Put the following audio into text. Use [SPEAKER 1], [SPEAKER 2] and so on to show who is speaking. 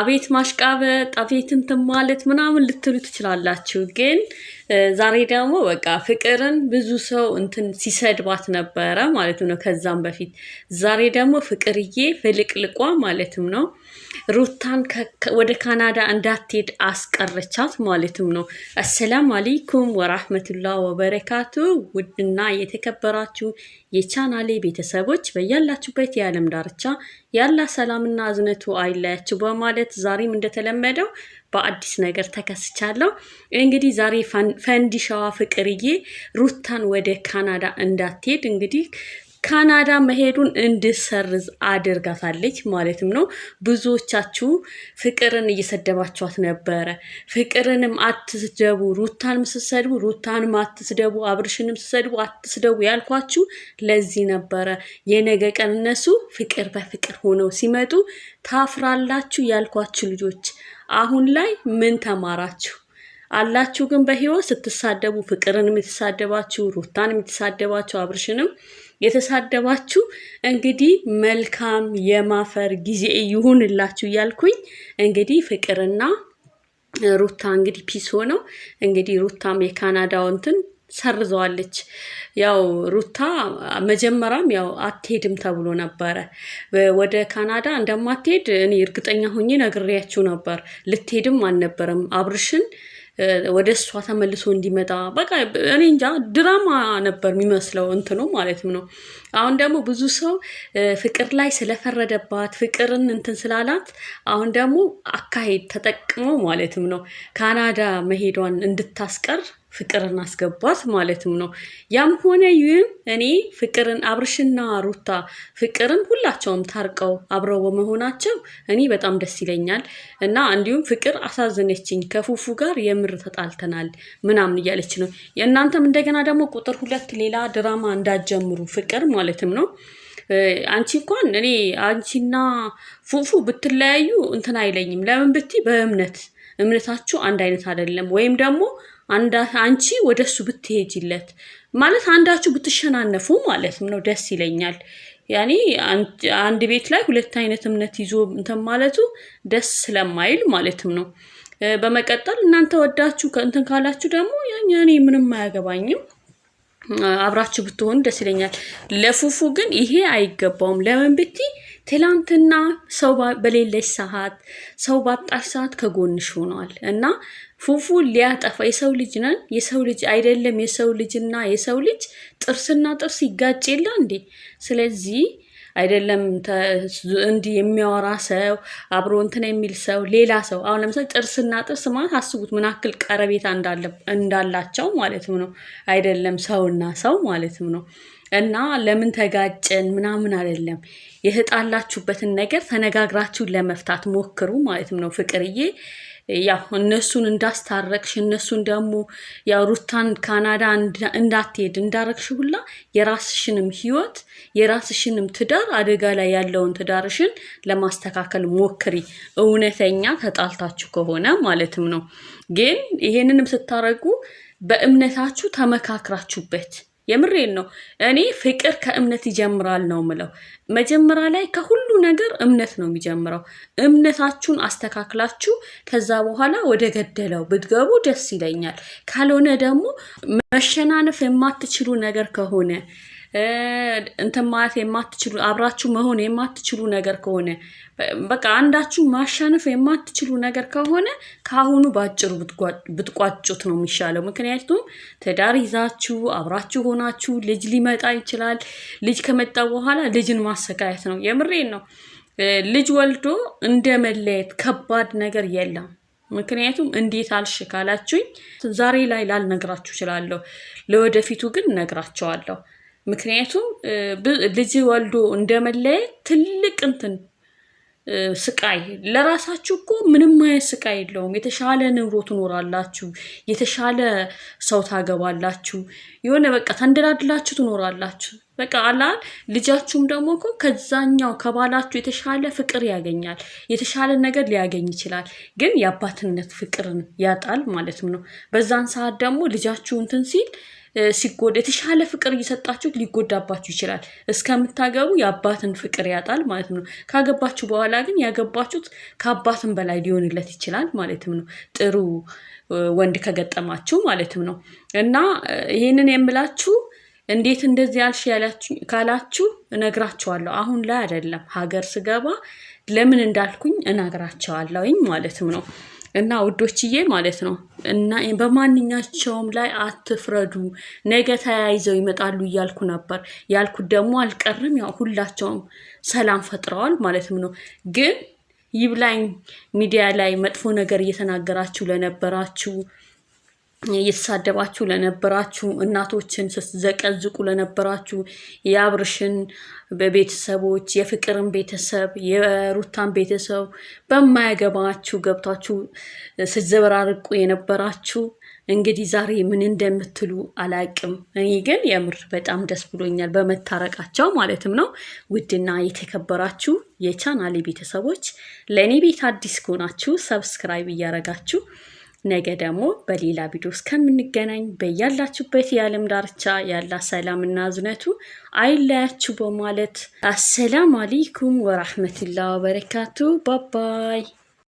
[SPEAKER 1] አቤት ማሽቃበጥ፣ አቤት እንትን ማለት ምናምን ልትሉ ትችላላችሁ ግን ዛሬ ደግሞ በቃ ፍቅርን ብዙ ሰው እንትን ሲሰድባት ነበረ ማለትም ነው ከዛም በፊት። ዛሬ ደግሞ ፍቅርዬ ፍልቅልቋ ማለትም ነው ሩታን ወደ ካናዳ እንዳትሄድ አስቀረቻት ማለትም ነው። አሰላሙ አሌይኩም ወራህመቱላ ወበረካቱ። ውድና የተከበራችሁ የቻናሌ ቤተሰቦች በያላችሁበት የዓለም ዳርቻ ያላ ሰላምና እዝነቱ አይለያችሁ በማለት ዛሬም እንደተለመደው በአዲስ ነገር ተከስቻለሁ። እንግዲህ ዛሬ ፈንዲሻዋ ፍቅርዬ ሩታን ወደ ካናዳ እንዳትሄድ እንግዲህ ካናዳ መሄዱን እንድሰርዝ አድርጋታለች ማለትም ነው። ብዙዎቻችሁ ፍቅርን እየሰደባችኋት ነበረ። ፍቅርንም አትስደቡ፣ ሩታንም ስትሰድቡ፣ ሩታንም አትስደቡ፣ አብርሽንም ስትሰድቡ አትስደቡ ያልኳችሁ ለዚህ ነበረ። የነገ ቀን እነሱ ፍቅር በፍቅር ሆነው ሲመጡ ታፍራላችሁ ያልኳችሁ ልጆች አሁን ላይ ምን ተማራችሁ? አላችሁ ግን በህይወት ስትሳደቡ፣ ፍቅርንም የተሳደባችሁ፣ ሩታንም የተሳደባችሁ፣ አብርሽንም የተሳደባችሁ እንግዲህ መልካም የማፈር ጊዜ ይሁንላችሁ እያልኩኝ እንግዲህ ፍቅርና ሩታ እንግዲህ ፒስ ሆነው እንግዲህ ሩታም የካናዳውንትን ሰርዘዋለች። ያው ሩታ መጀመሪያም ያው አትሄድም ተብሎ ነበረ። ወደ ካናዳ እንደማትሄድ እኔ እርግጠኛ ሆኜ ነግሬያችሁ ነበር። ልትሄድም አልነበረም አብርሽን ወደ እሷ ተመልሶ እንዲመጣ በቃ እኔ እንጃ ድራማ ነበር የሚመስለው እንትኑ ማለት ነው። አሁን ደግሞ ብዙ ሰው ፍቅር ላይ ስለፈረደባት ፍቅርን እንትን ስላላት አሁን ደግሞ አካሄድ ተጠቅሞ ማለትም ነው ካናዳ መሄዷን እንድታስቀር ፍቅርን አስገባት ማለትም ነው። ያም ሆነ ይህም እኔ ፍቅርን አብርሽና ሩታ ፍቅርን ሁላቸውም ታርቀው አብረው በመሆናቸው እኔ በጣም ደስ ይለኛል እና እንዲሁም ፍቅር አሳዘነችኝ፣ ከፉፉ ጋር የምር ተጣልተናል ምናምን እያለች ነው። እናንተም እንደገና ደግሞ ቁጥር ሁለት ሌላ ድራማ እንዳትጀምሩ ፍቅር ማለትም ነው። አንቺ እንኳን እኔ አንቺና ፉፉ ብትለያዩ እንትን አይለኝም። ለምን ብቲ በእምነት እምነታችሁ አንድ አይነት አይደለም ወይም ደግሞ አንቺ ወደ እሱ ብትሄጂለት ማለት አንዳችሁ ብትሸናነፉ ማለት ነው ደስ ይለኛል። ያኔ አንድ ቤት ላይ ሁለት አይነት እምነት ይዞ እንትን ማለቱ ደስ ስለማይል ማለትም ነው። በመቀጠል እናንተ ወዳችሁ ከእንትን ካላችሁ ደግሞ ያኔ ምንም አያገባኝም አብራችሁ ብትሆኑ ደስ ይለኛል። ለፉፉ ግን ይሄ አይገባውም። ለምን ብቲ ትላንትና ሰው በሌለች ሰዓት ሰው ባጣሽ ሰዓት ከጎንሽ ሆኗል እና ፉፉ ሊያጠፋ የሰው ልጅ ነን የሰው ልጅ አይደለም የሰው ልጅና የሰው ልጅ ጥርስና ጥርስ ይጋጭ የለ እንዴ? ስለዚህ አይደለም እንዲህ የሚያወራ ሰው አብሮ እንትን የሚል ሰው ሌላ ሰው አሁን ለምሳሌ ጥርስና ጥርስ ማለት አስቡት ምን ያክል ቀረቤታ እንዳላቸው ማለትም ነው። አይደለም ሰውና ሰው ማለትም ነው። እና ለምን ተጋጨን ምናምን አይደለም። የተጣላችሁበትን ነገር ተነጋግራችሁን ለመፍታት ሞክሩ ማለትም ነው ፍቅርዬ ያው እነሱን እንዳስታረቅሽ እነሱን ደግሞ ያው ሩታን ካናዳ እንዳትሄድ እንዳረግሽ ሁላ የራስሽንም ህይወት የራስሽንም ትዳር አደጋ ላይ ያለውን ትዳርሽን ለማስተካከል ሞክሪ፣ እውነተኛ ተጣልታችሁ ከሆነ ማለትም ነው። ግን ይሄንንም ስታረጉ በእምነታችሁ ተመካክራችሁበት የምሬን ነው። እኔ ፍቅር ከእምነት ይጀምራል ነው ምለው። መጀመሪያ ላይ ከሁሉ ነገር እምነት ነው የሚጀምረው። እምነታችሁን አስተካክላችሁ ከዛ በኋላ ወደ ገደለው ብትገቡ ደስ ይለኛል። ካልሆነ ደግሞ መሸናነፍ የማትችሉ ነገር ከሆነ እንትን ማለት የማትችሉ አብራችሁ መሆን የማትችሉ ነገር ከሆነ በቃ አንዳችሁ ማሸነፍ የማትችሉ ነገር ከሆነ ከአሁኑ በአጭሩ ብትቋጩት ነው የሚሻለው። ምክንያቱም ትዳር ይዛችሁ አብራችሁ ሆናችሁ ልጅ ሊመጣ ይችላል። ልጅ ከመጣ በኋላ ልጅን ማሰቃየት ነው። የምሬን ነው። ልጅ ወልዶ እንደ መለየት ከባድ ነገር የለም። ምክንያቱም እንዴት አልሽ ካላችሁኝ ዛሬ ላይ ላልነግራችሁ እችላለሁ። ለወደፊቱ ግን ነግራቸዋለሁ። ምክንያቱም ልጅ ወልዶ እንደመለየት ትልቅ እንትን ስቃይ ለራሳችሁ እኮ ምንም አይነት ስቃይ የለውም። የተሻለ ኑሮ ትኖራላችሁ፣ የተሻለ ሰው ታገባላችሁ፣ የሆነ በቃ ተንደላድላችሁ ትኖራላችሁ። በቃ አላል ልጃችሁም ደግሞ እኮ ከዛኛው ከባላችሁ የተሻለ ፍቅር ያገኛል፣ የተሻለ ነገር ሊያገኝ ይችላል። ግን የአባትነት ፍቅርን ያጣል ማለትም ነው። በዛን ሰዓት ደግሞ ልጃችሁ እንትን ሲል ሲጎዳ የተሻለ ፍቅር እየሰጣችሁት ሊጎዳባችሁ ይችላል። እስከምታገቡ የአባትን ፍቅር ያጣል ማለትም ነው። ካገባችሁ በኋላ ግን ያገባችሁት ከአባትን በላይ ሊሆንለት ይችላል ማለትም ነው። ጥሩ ወንድ ከገጠማችሁ ማለትም ነው። እና ይህንን የምላችሁ እንዴት እንደዚህ ያልሽ ካላችሁ እነግራቸዋለሁ። አሁን ላይ አይደለም ሀገር ስገባ ለምን እንዳልኩኝ እነግራቸዋለሁኝ ማለትም ነው። እና ውዶችዬ ማለት ነው እና በማንኛቸውም ላይ አትፍረዱ። ነገ ተያይዘው ይመጣሉ እያልኩ ነበር ያልኩት ደግሞ አልቀርም። ያው ሁላቸውም ሰላም ፈጥረዋል ማለትም ነው። ግን ይብላኝ ሚዲያ ላይ መጥፎ ነገር እየተናገራችሁ ለነበራችሁ እየተሳደባችሁ ለነበራችሁ እናቶችን ስትዘቀዝቁ ለነበራችሁ የአብርሽን ቤተሰቦች የፍቅርን ቤተሰብ የሩታን ቤተሰብ በማያገባችሁ ገብታችሁ ስትዘበራርቁ የነበራችሁ እንግዲህ ዛሬ ምን እንደምትሉ አላቅም። እኔ ግን የምር በጣም ደስ ብሎኛል በመታረቃቸው ማለትም ነው። ውድና የተከበራችሁ የቻናሌ ቤተሰቦች ለእኔ ቤት አዲስ ከሆናችሁ ሰብስክራይብ እያረጋችሁ ነገ ደግሞ በሌላ ቪዲዮ እስከምንገናኝ በያላችሁበት የዓለም ዳርቻ ያላ እና እዝነቱ አይለያችሁ በማለት አሰላም አሌይኩም ወራህመቱላ ወበረካቱ ባባይ